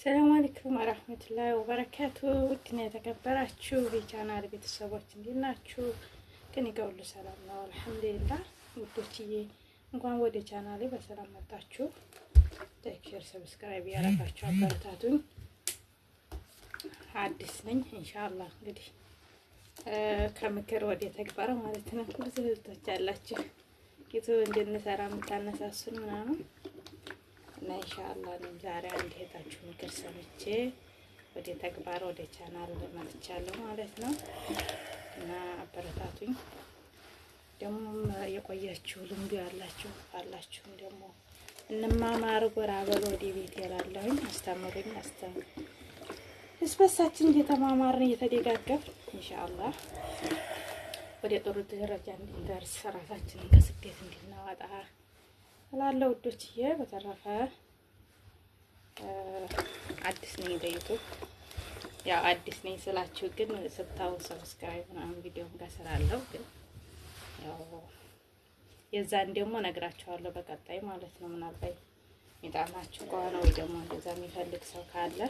ሰላም አለይኩም ወራህመቱላሂ ወበረካቱ። ውድና የተከበራችሁ የቻናል ቤተሰቦች እንዴት ናችሁ? ከኔ ጋር ሰላም ነው አልሐምዱሊላህ። ውዶችዬ እንኳን ወደ ቻናሌ በሰላም መጣችሁ። ላይክ፣ ሼር፣ ሰብስክራይብ ያደረጋችሁ አበረታቱኝ። አዲስ ነኝ ኢንሻአላህ። እንግዲህ ከምክር ወደ ተግባር ማለት ነው። ብዙ እህቶች አላችሁ ዩቱብ እንድንሰራ የምታነሳሱን ምናምን ኢንሻአላህ ነው ዛሬ አንድ እህታችሁ ምክር ሰምቼ ወደ ተግባር ወደ ቻናል መጥቻለሁ ማለት ነው። እና አበረታቱኝ። ደግሞ የቆያችሁ ልምዱ ያላችሁ አላችሁም ደግሞ እንማማር ጎራ በሎ ወደ ቤት ያላለሁኝ አስተምሩኝ። አስተምሩ እስበሳችን እየተማማርን እየተደጋገፍን ኢንሻአላህ ወደ ጥሩ ደረጃ እንድንደርስ ራሳችንን ከስደት እንድናወጣ እላለሁ። ውዶችዬ በተረፈ አዲስ ነኝ በዩቱብ ያው አዲስ ነኝ ስላችሁ ግን ስታው ሰብስክራይብ ምናምን ቪዲዮም ጋር ግን ያው የዛን ደግሞ ነግራችኋለሁ በቀጣይ ማለት ነው። ምናልባት የሚጣማችሁ ከሆነ ወይ ደግሞ እንደዛ የሚፈልግ ሰው ካለ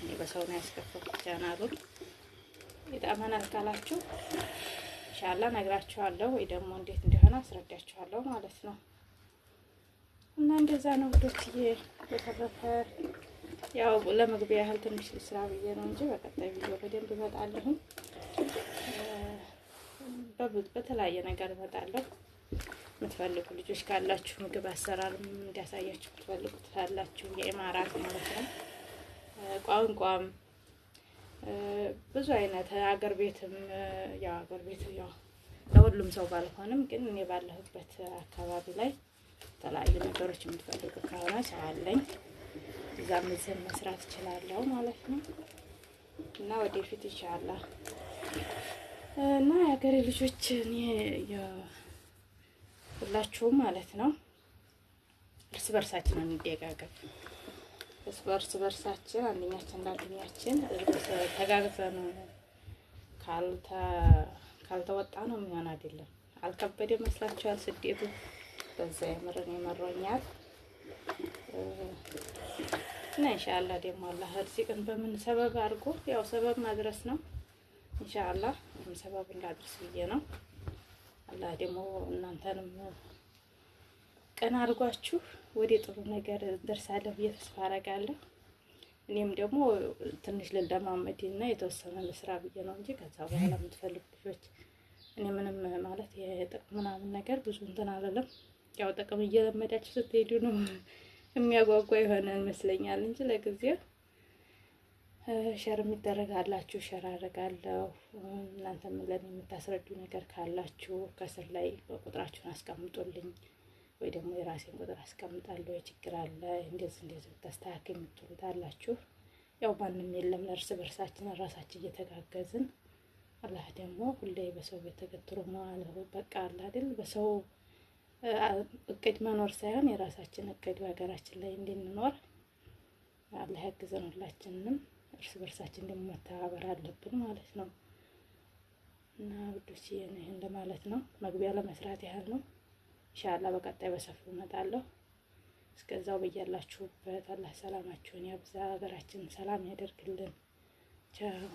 እኔ በሰው ነው ያስከፈኩት ቻናሉን። ይጣመናል ካላችሁ ኢንሻላ ነግራችኋለሁ፣ ወይ ደግሞ እንዴት እንደሆነ አስረዳችኋለሁ ማለት ነው እና እንደዛ ነው ዶክዬ የተረፈ ያው ለመግቢያ ያህል ትንሽ ልስራ ብዬ ነው እንጂ በቀጣይ ቪዲዮ በደንብ እመጣለሁ። በተለያየ ነገር እመጣለሁ። የምትፈልጉ ልጆች ካላችሁ ምግብ አሰራር እንዲያሳያችሁ የምትፈልጉት ካላችሁ የኢማራት ማለት ነው ቋንቋም ብዙ አይነት አገር ቤትም ያው አገር ቤት ያው ለሁሉም ሰው ባልሆንም ግን እኔ ባለሁበት አካባቢ ላይ የተለያዩ ነገሮች የምትፈልጉ ከሆነ ሰው እዛ እዛም መስራት እችላለሁ ማለት ነው እና ወደፊት ይሻላል እና የሀገሬ ልጆች እኔ ሁላችሁም ማለት ነው እርስ በርሳችን እንደጋገፍ እርስ በርስ በርሳችን አንደኛችን እንዳንደኛችን ተጋግዘን ካልተወጣ ነው የሚሆን አይደለም። አልከበደ መስላችኋል ስደቱ? በዛ የምርን ይመሮኛል እና ኢንሻአላ ደግሞ አላህ ርዚቅን በምን ሰበብ አድርጎ ያው ሰበብ ማድረስ ነው። ኢንሻአላ ምን ሰበብ እንዳድርስ ብዬ ነው። አላህ ደግሞ እናንተንም ቀን አድርጓችሁ ወደ ጥሩ ነገር ደርሳለሁ ብዬ ተስፋ አረጋለሁ። እኔም ደግሞ ትንሽ ልለማመድ እና የተወሰነ ለስራ ብዬ ነው እንጂ ከዛ በኋላ የምትፈልጉ ልጆች እኔ ምንም ማለት የጥቅም ምናምን ነገር ብዙ እንትን አለለም። ያው ጥቅም እየለመዳችሁ ስትሄዱ ነው የሚያጓጓ የሆነ ይመስለኛል እንጂ ለጊዜው ሸር የሚደረግ አላችሁ ሸር አደርጋለሁ። እናንተም ለኔ የምታስረዱ ነገር ካላችሁ ከስር ላይ ቁጥራችሁን አስቀምጡልኝ፣ ወይ ደግሞ የራሴን ቁጥር አስቀምጣለሁ። የችግር አለ እንደዚህ እንደዚህ ብታስተካክል የምትሉት አላችሁ። ያው ማንም የለም እርስ በርሳችን ራሳችን እየተጋገዝን አላህ ደግሞ ሁሌ በሰው ቤት ተገትሮ መዋል በቃ አለ አይደል በሰው እቅድ መኖር ሳይሆን የራሳችን እቅድ በሀገራችን ላይ እንድንኖር አላህ ያግዘን። ሁላችንም እርስ በርሳችን ደግሞ መተባበር አለብን ማለት ነው እና ውዶች ይህን ለማለት ነው። መግቢያ ለመስራት ያህል ነው። ኢንሻላህ በቀጣይ በሰፊው እመጣለሁ። እስከዛው በያላችሁበት አላህ ሰላማችሁን ያብዛ፣ ሀገራችንን ሰላም ያደርግልን። ቻው